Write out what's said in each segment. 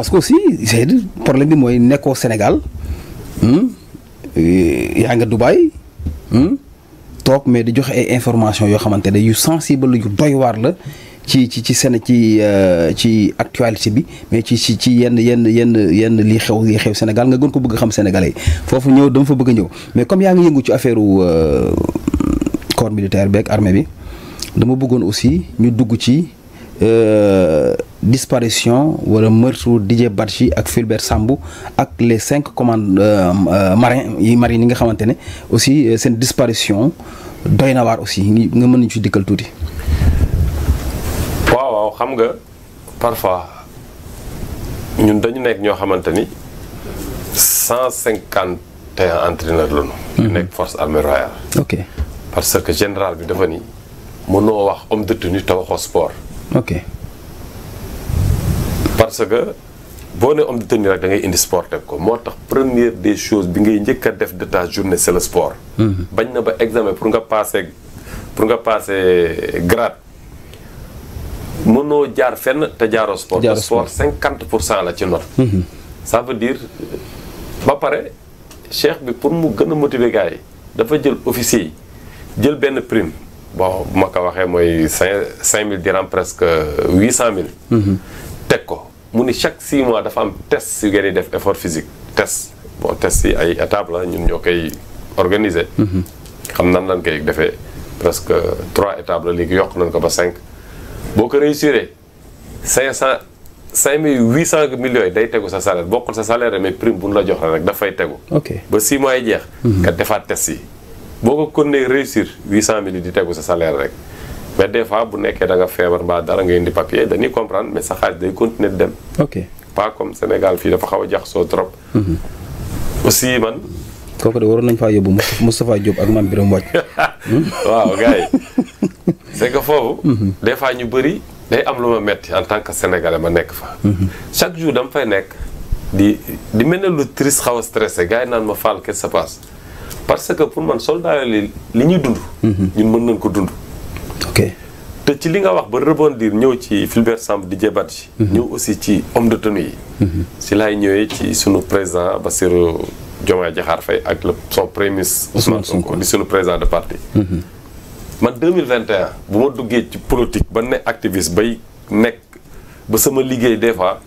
parce que aussi c'est problème bi mooy nekkoo Sénégal hmm, yaa nga Dubaï hmm, toog mais di joxe ay information yoo xamante ne yu sensible yu doy waar la ci ci ci seen ci euh, ci actualité bi mais ci ci ci yenn yenn yenn yenn lii xew lii xew Sénégal nga gën ko bëgg xam sénégalais foofu ñëw dama fa bëgg a ñëw mais comme yaa ngi yëngu ci affaire euh, corps militaire beeg armée bi dama bëggoon aussi ñu dugg ci. Euh, disparition wala meurtre Didier Badji ak Fulbert Sambou ak les cinq commandes euh, euh, marins yi marines yi nga xamante ne aussi euh, seen disparition doy na waar aussi nga mën nañu ci dikkal tuuti. waaw waaw xam nga parfois ñun dañu nekk ñoo xamante ni cent cinquante et un entraîneur lañu. ñu nekk force armée ok parce que général bi dafa ni mënoo wax homme de tenue te waxoo ok. parce que boo ne homme de tenue rek da ngay indi sport teg ko moo tax première des choses bi ngay njëkk a def de tas journée c'est le sport. Mm-hmm. bañ na ba examen pour nga paase pour nga passer grade mënoo jaar fenn te jaaroo sport. jaaroo sport cinquante pour cent la ci note. Mm-hmm. ça veut dire ba pare cheikh bi pour mu gën a motiver yi dafa jël officier yi jël benn prime. bon bu ma ko waxee mooy cinq cinq mille dirham presque huit cent mille. Mm-hmm. teg ko. mu ni chaque 6 mois dafa am test si ngeen di def effort physique test bon test yi ay étape la ñun ñoo koy organiser. Mhm. xam nan lañ koy defee presque 3 étapes la léegi yokk nañ ko ba 5 boo ko réussir 500 5800 millions yi day tegu sa salaire bokkul sa salaire mais prime bu ñu la jox rek dafay tegu. ok ba 6 mois jeex. Mhm. nga defaat test yi boo ko kon ne réussir 800000 yi di tegu sa salaire rek. mais des fois bu nekkee danga nga feebar mbaa dara nga indi papier dañuy comprendre mais sa xaalis day continuer di dem. ok pas comme Sénégal fii dafa xaw a jaxasoo trop. Mhm. aussi man. kooku de waroon nañ faa yóbbu Moustapha Diop ak man Birame Wathie. Hmm? waaw gars yi foofu. Mhm. des fois ñu bëri day am lu ma metti en tant que sénégalais ma nekk fa. Mhm. chaque jour dama fay nekk di di mel ne lu triste xaw a stressé gars yi naan ma faal qu'est-ce qui parce que pour man soldat yi li ñuy dund. ñun mën nañ ko dund. te ci li nga wax ba rebondir ñëw ci Fulbert Samb di Badji. Mhm. ñëw aussi ci homme de tenue yi. Mhm. si laay ñëwee ci sunu président ba Bassirou Diomaye Diakhar Faye ak le son premier ministre Ousmane Sonko di sunu président de parti. Mhm. man 2021 bu ma duggee ci politique ba ne activiste bay nekk ba sama liggéey des fois.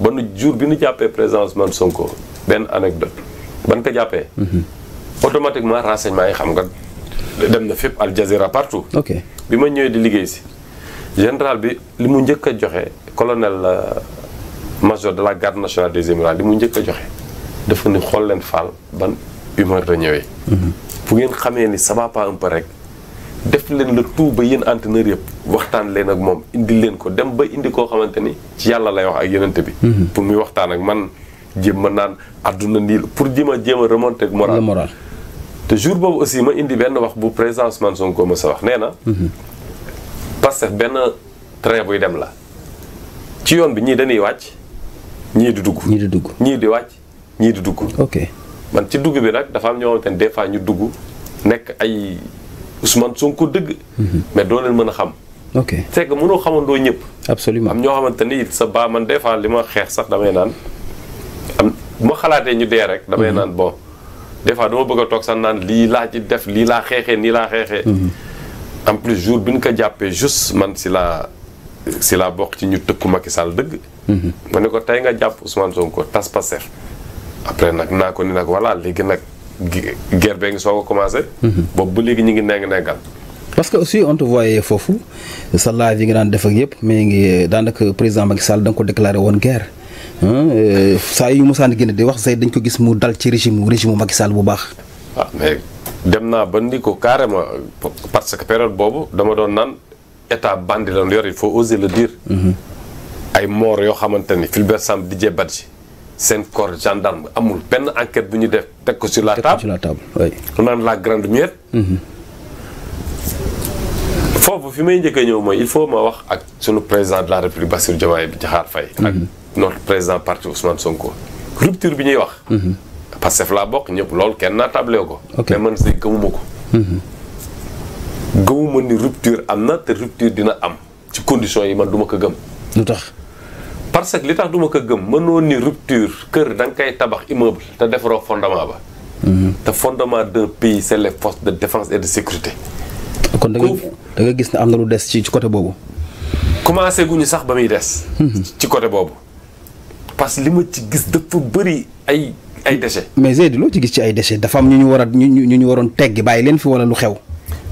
ba nu jour bi nu jàppee président Ousmane Sonko benn anecdote ban ko jàppee. automatiquement renseignement yi xam nga dem na fépp Al Jazeera partout. bi ma ñëwee di liggéey si général bi li mu njëkk a joxe colonel euh, major de la garde nationale des émirats li mu njëkk joxe dafa ni xool leen faal ban humeur la ñëwee. Mhm. fu ngeen xamee ni ça va rek def leen la tout ba yéen entraîneur yëpp waxtaan leen ak moom indi leen ko dem ba indi koo xamante ni ci yàlla lay wax ak yonent bi. Mhm. pour muy waxtaan ak man jéem ma naan àdduna nii pour jéem a jéem a remonter moral. te jour boobu aussi ma indi benn wax bu président Ousmane Sonko ma sa wax nee na. Mhm. Pastef benn train buy dem la. ci yoon bi ñii dañuy wàcc ñii di dugg. ñii di dugg ñii di wàcc ñii di dugg. ok man ci dugg bi nag dafa am ñoo xamante des fois ñu dugg nekk ay Ousmane Sonko dëgg. Mhm. mais doo leen mën a xam. ok c'est que xamandoo ñëpp. absolument am ñoo xamante ni sa baa man des fois li ma xeex sax damay naan am bu ma xalaatee ñu dee rek. damay mhm. naan bon. des dama bëgg a toog sax naan lii laa ci def lii laa xeexee nii laa xeexee. Mm-hmm. en plus jour bi ñu ko jàppee juste man si laa si laa bokk ci ñu tëkku Macky Sall dëgg. Mm-hmm. ma ne ko tey nga jàpp Ousmane Sonko tas Pastef après nag naa ko ni nag voilà léegi nag guerre ngi soog a commencé. Mm-hmm. boobu ba léegi ñu ngi neng nengal. parce que aussi on te voyait foofu sa live yi nga daan def ak yëpp mais ngi daanaka président Macky Sall da nga ko déclaré woon guerre. Euh, saa yu mosaan génn di wax Zaid dañ ko gis mu dal ci régime régime Macky Sall bu baax. waaw ah, mais dem naa ba ni ko carrément parce que période boobu dama doon naan état bandi la yor il faut oser le dire. Mhm. ay moor yoo xamante ni Fulbert Samb Didier Badji seen corps gendarme amul benn enquête bu ñu def teg ko sur la table sur la table naan la grande mhm. foofu fi may njëkk a ñëw mooy il faut ma wax ak sunu président de la république Bassirou Diomaye Diakhar Faye. Mhm. notre président parti Ousmane Sonko rupture bi ñuy wax. Mhm. Pastef laa bokk ñëpp loolu kenn naa tablé ko. mais man si gëmuma ko. Mhm. gëmuma ni rupture am na te rupture dina am ci conditions yi man duma ko gëm. lu tax parce que li tax duma ko gëm mënoon ni rupture kër da nga koy tabax immeuble te defaroo fondement ba. Mhm. te fondement d'un pays c'est les forces de défense et de sécurité. kon da da nga gis ne am na lu des ci ci côté boobu. commencé ñu sax ba muy des. ci côté boobu. parce que li ma ci gis dafa bëri ay ay déchets. mais Zeydi loo ci gis ci ay déchets dafa am ñu ñu war a ñu ñu ñu waroon teggi bàyyi leen fi wala lu xew.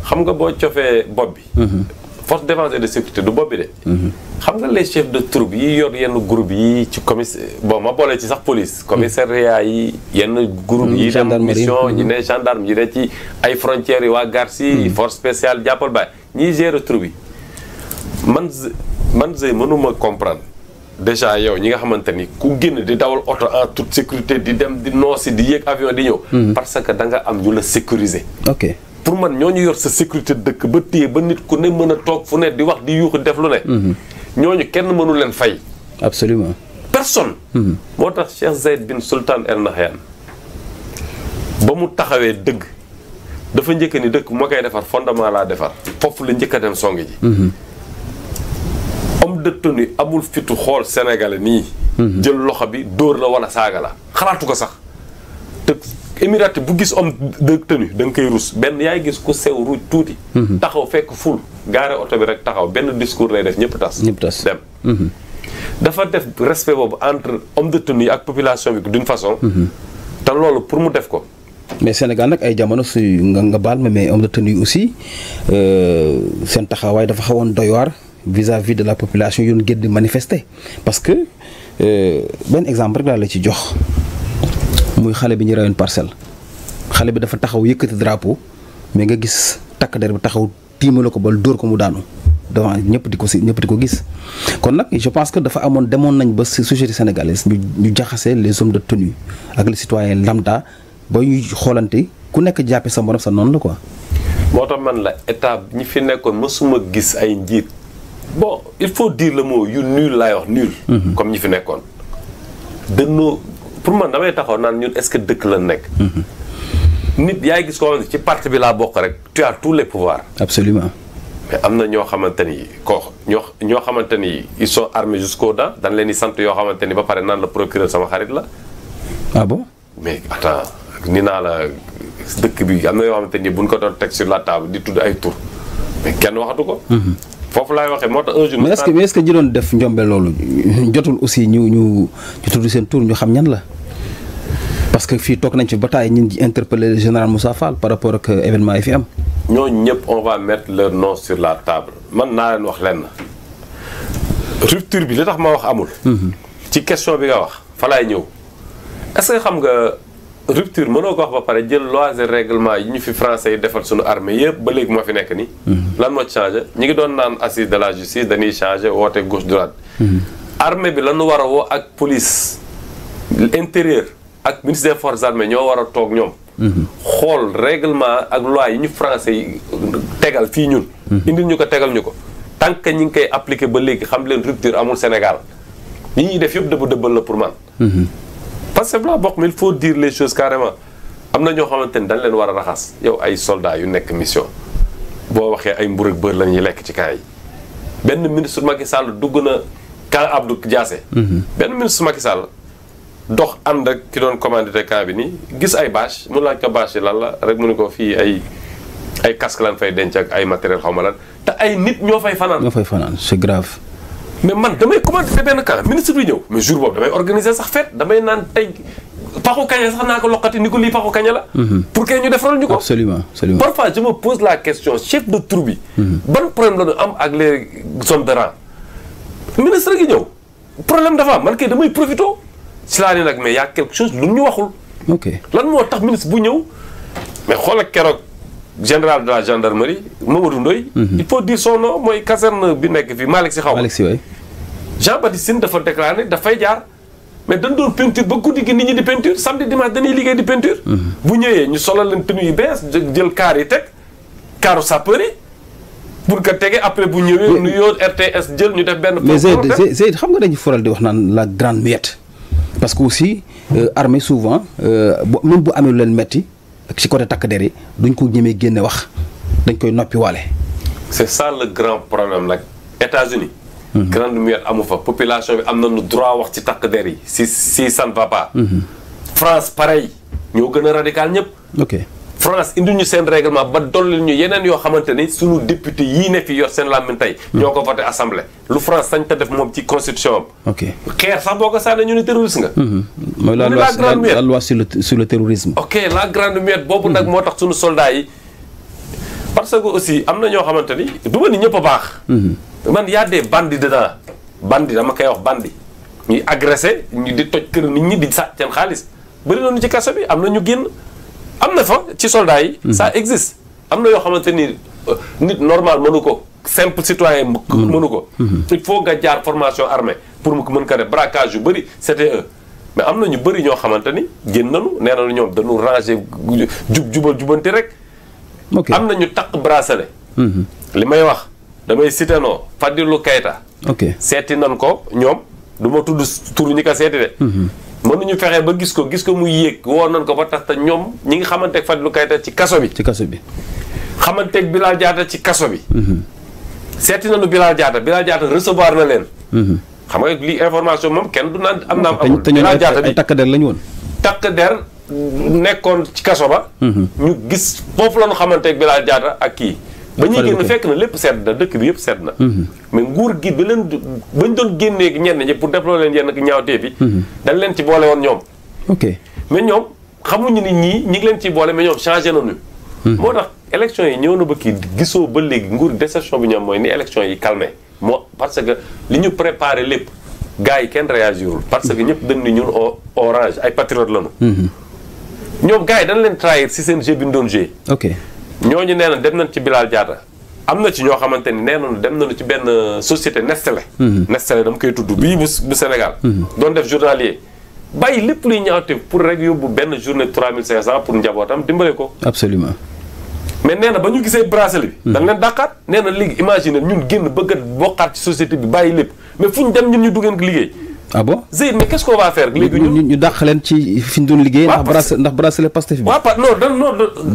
xam nga boo cofee bopp bi. Mhm. force de défense et de sécurité du bopp bi de. Mhm. xam nga les chefs de troupe yi yor yenn group yi ci commis bon ma boole ci sax police. commissariat yi yenn groupe yi. dem mission ñi mhm. ne gendarme yi ne ci ay frontières yi waa Garci. force spéciale jàppal baay ñiy gérer troupe yi man man Zey mënuma comprendre. déjà yow ñi nga xamante ni ku génn di dawal oto en tout sécurité di dem di noosi di yéeg avion di ñëw. Mhm. parce que da nga am ñu la sécuriser. ok pour man ñoo ñu yor sa sécurité dëkk ba téye ba nit ku ne mën a toog fu ne di wax di yuuxu def lu ne. Mhm. ñooñu kenn mënu leen fay. absolument personne. Mhm. moo tax Cheikh Zayed bin Sultan El Nahyan ba mu taxawee dëgg dafa njëkk ni dëkk bu ma koy defar fondement laa defar foofu la njëkk dem song ji. homme de tenue amul fitu xool sénégalais nii. Mhm. jël loxo bi dóor la wala saaga la xalaatu ko sax te émirati bu gis om de tenue da koy ruus benn yaay gis ku sew ruuj tuuti. Mhm. taxaw fekk ful gaare oto bi rek taxaw benn discours lay def ñëpp tas. ñëpp tas dem. Mhm. dafa def respect boobu entre homme de tenue ak population bi d'une façon. te loolu pour mu def ko. mais Sénégal nag ay jamono su nga nga baal ma mais homme de tenue aussi euh, seen taxawaay dafa xawoon doy waar vis-à-vis de la population yoon gën di manifester parce que euh, benn exemple rek laa la ci jox muy xale bi ñu reyoon parcelle xale bi dafa taxaw yëkkati drapeau mais nga gis takk der bi taxaw la ko ba dóor ko mu daanu devant ñëpp di ko si ñëpp di ko gis. kon nag je pense que dafa amoon demoon nañ ba société sénégalaise ñu ñu jaxase les hommes de tenue ak les citoyens lambda ba ñuy xoolante ku nekk jàppe sa morom sa noonu la ko moo tax man la état ñi fi nekkoon mësuma gis ay bon il faut dire le mot yu nul laay wax nul. Mhm. comme ñi fi nekkoon. dañoo pour man damay taxaw naan ñun est-ce que dëkk la nekk. Mhm. nit yaay gis koo xamante ci parti bi laa bokk rek tu as tous les pouvoirs. absolument. mais am na ñoo xamante ni ko ñoo ñoo xamante ni ils sont armés jusqu'aux dents dañ leen di sant yoo xamante ni ba pare naan la procureur sama xarit la. ah bon mais attends ni naa la dëkk bi am na yoo xamante ni buñ ko doon teg sur la table di tudd ay tur kenn waxatu ko. Mhm. foofu laay waxee moo tax un jour. mais est-ce doon def njombe loolu jotul aussi ñu ñu ñu tudd seen tour ñu xam ñan la. parce que fii toog nañ fi bataay ñu ngi interpellé le général musa Fall par rapport ak euh, événement yi fi am. ñooñu ñëpp on va mettre leur nom sur la table man naa leen wax lenn rupture bi li tax ma wax amul. Mhm. ci question bi nga wax fa ñëw est xam nga. rupture mënoo ko wax ba pare jël lois et yi ñu fi français yi defal suñu armée yëpp ba léegi moo fi nekk ni mhm. lan moo ci changé ñu ngi doon naan assise de la justice dañuy changé woote gauche droite mhm. armée bi lañu war a woo ak police intérieur ak ministre des forces ñoo war a toog ñoom mhm. xool règlement ak loi yi ñu français tegal fii ñun indil ñu ko tegal ñu ko tant que ñi ngi koy appliqué ba léegi xam leen rupture amul Sénégal li ñuy def yëpp dëbb dëbbal la pour man Pastef laa bokk mil il faut dire les carrément am na ñoo xamante ni dañ leen war a raxas yow ay soldats yu nekk mission boo waxee ay mbur ak bër lañuy lekk ci camp yi benn ministre Macky Sall dugg na camp Abdou Diassé. Mhm. benn ministre Macky Sall dox ànd ak ki doon commandité camp bi nii gis ay bâche mu laaj ko bâche yi lan la rek mu ne ko fii ay ay casque lan fay denc ak ay matériel xaw ma lan te ay nit ñoo fay fanaan. ñoo fay fanaan c'est grave. mais man damay commandé benn cas ministre bi ñëw mais jour boobu damay organiser sax fête damay naan tey paxu kaña sax naa ko loqati ni ko li paxu kaña la. Mhm. pour que ñu defaral ñu ko. absolument absolument parfois je me pose la question chef de troupe bi. Mhm. ban problème la ñu am ak les hommes de rang. ministre gi ñëw problème dafa am man kay damay profité si laa ne nag mais y' a quelque chose lu ñu waxul. lan moo tax ministre bu ñëw mais xoolal keroog. général de la gendarmerie Mamadou Ndoye mhm. il faut dire son nom mooy caserne bi nekk fii Malick si xaw ma Jean Baptiste Sine dafa déclaré dafay jaar mais dañ doon peinture ba guddi gi nit ñi di peinture samedi dimanche dañuy liggéey di peinture mhm. bu ñëwee ñu solal leen tenue yu bees jël kaar yi teg kaaru sapeur yi pour que tege après bu ñëwee nu yoo RTS jël ñu def benn mais xam nga dañu faral di wax naan la grande muette parce que aussi euh, armée souvent euh, même bu amee leen metti ci côté takk der yi duñ ko ñemee génne wax dañ koy noppi wale c'est ça le grand problème nag États-Unis mhm. grande muette amu fa population bi am na nañu droit wax ci takk der yi si si ça ne mhm. France pareil ñoo gën a radical ñëpp. ok France indil ñu seen règlement ba dollil ñu yeneen yoo xamante ni suñu député yii ne fi yor seen làmmiñ tey hmm. ñoo ko voté assemblée lu France sañ ta def moom ci constitution am ok xeer sax boo ko sànnee ñu ne terroriste nga hmm. mooy la loi am na ñoo xamante ni du ma ni ñëpp a baax hmm. man y a des bandits dedans bandits dama koy wax bandits ñuy agressé ñu di toj kër nit ñi di sa seen xaalis bëri na ci kaso bi am na ñu génn am na fa ci soldats yi. Mhm. ça existe am na yoo xamante ni euh, nit normal mënu ko. simple citoyen mënu ko. Mhm. il faut nga jaar formation armée pour mu mën ko def braquage yu bëri c'était mais am na ñu bëri ñoo xamante ni génn nañu nee nañu ñoom dañu ranger jub jubal jubanti rek. am na ñu takk bracelet. Mhm. li may wax damay cité noo Fadilou Keita. ok seeti nañ ko ñoom du ma tudd tur ñu ko seeti de. mënuñu fexe ba gis ko gis ko mu yéeg woo nañ ko ba tax te ñoom ñi ngi xamanteeg Fadilou Keita ci kaso bi. ci kaso bi. xamanteeg Bilal Diatta ci kaso bi. Mhm. seeti na nañu Bilal Diatta Bilal Diatta recevoir na leen. Mhm. xam nga lii information moom kenn du naan am naam amul. Bilal Diatta bi takk der lañu woon. takk der nekkoon ci kaso ba. Mhm. ñu gis foofu lañu ñu xamanteeg Bilal Diatta ak kii. ba ñuy génn fekk na lépp sedd na dëkk bi yëpp sedd na mhm. mais nguur gi leen ba ñu doon génnee ñenn ñi pour déplorer leen yenn ñaawtee bi mhm. dañ leen ci boole woon ñoom ok mais ñoom xamuñu ni ñii ñi ngi leen ci boole mais ñoom changé nañu mhm. moo tax élection yi ñëw na ba kii gisoo ba léegi nguur déception bi ñoom mooy ni élection yi calmé moo parce que li ñu préparer lépp gars yi kenn réagirul parce que ñëpp dañ ni ñun orange ay patriote lañu ñoom gaa yi dañ leen trahir si seen jeu bi ñu doon joué ñoo ñu nee na dem nañ ci Bilal Diatta am na ci ñoo xamante ni nee nañu dem na nañu ci benn société Nestlé. Mhm. Nestlé dama koy tudd bii bu bu Sénégal. Mhm. doon def journalier. bàyyi lépp luy ñaawte pour rek yóbbu benn journée 3500 pour njabootam dimbale ko. absolument. mais nee na ba ñu gisee bracelet bi. dañ leen mhm. dàqaat nee na léegi imagine ñun génn bëgg boqaat bokkaat ci société bi bàyyi lépp mais fu ñu dem ñun ñu duggeen liggéey. ah bon Zeyid mais qu'est-ce qu'on va ñu ñu dàq leen ci fi ñu doon liggéey. waaw parce que ndax bracelet Pastef bi. waaw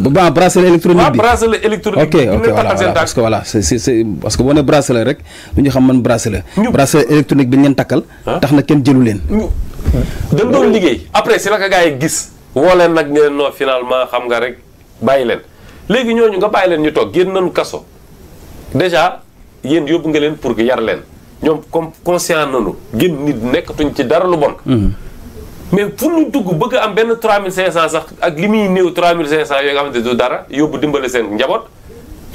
bi waaw bracelet électronique que voilà c'est c'est parce que boo nee bracelet rek du ñu xam man bracelet. ñu bracelet électronique bi leen takkal. tax na kenn jëlu leen. dañ doon liggéey après si la ko gars yi gis. woo leen nag ngeen noo finalement xam nga rek bàyyi leen léegi ñooñu nga bàyyi leen ñu toog génn nañu kaso déjà yéen yóbbu nga leen pour que yar leen ñoom comme conscient nañu génn nit nekkatuñ ci dara lu bon. Mm-hmm. mais pour ñu dugg bëgg am benn 3500 sax ak li muy néew 3500 yooyu nga xamante ne du dara yóbbu dimbale seen njaboot.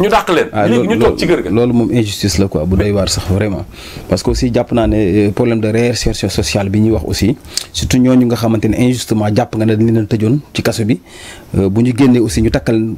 ñu dàq leen. Ah, léegi ñu toog ci kër ga loolu moom injustice la quoi bu doy waar sax vraiment. parce que aussi jàpp naa ne euh, problème de réinsertion sociale bi ñuy wax aussi surtout ñooñu nga xamante ne injustement jàpp nga ne dañ leen tëjoon ci kaso bi euh, bu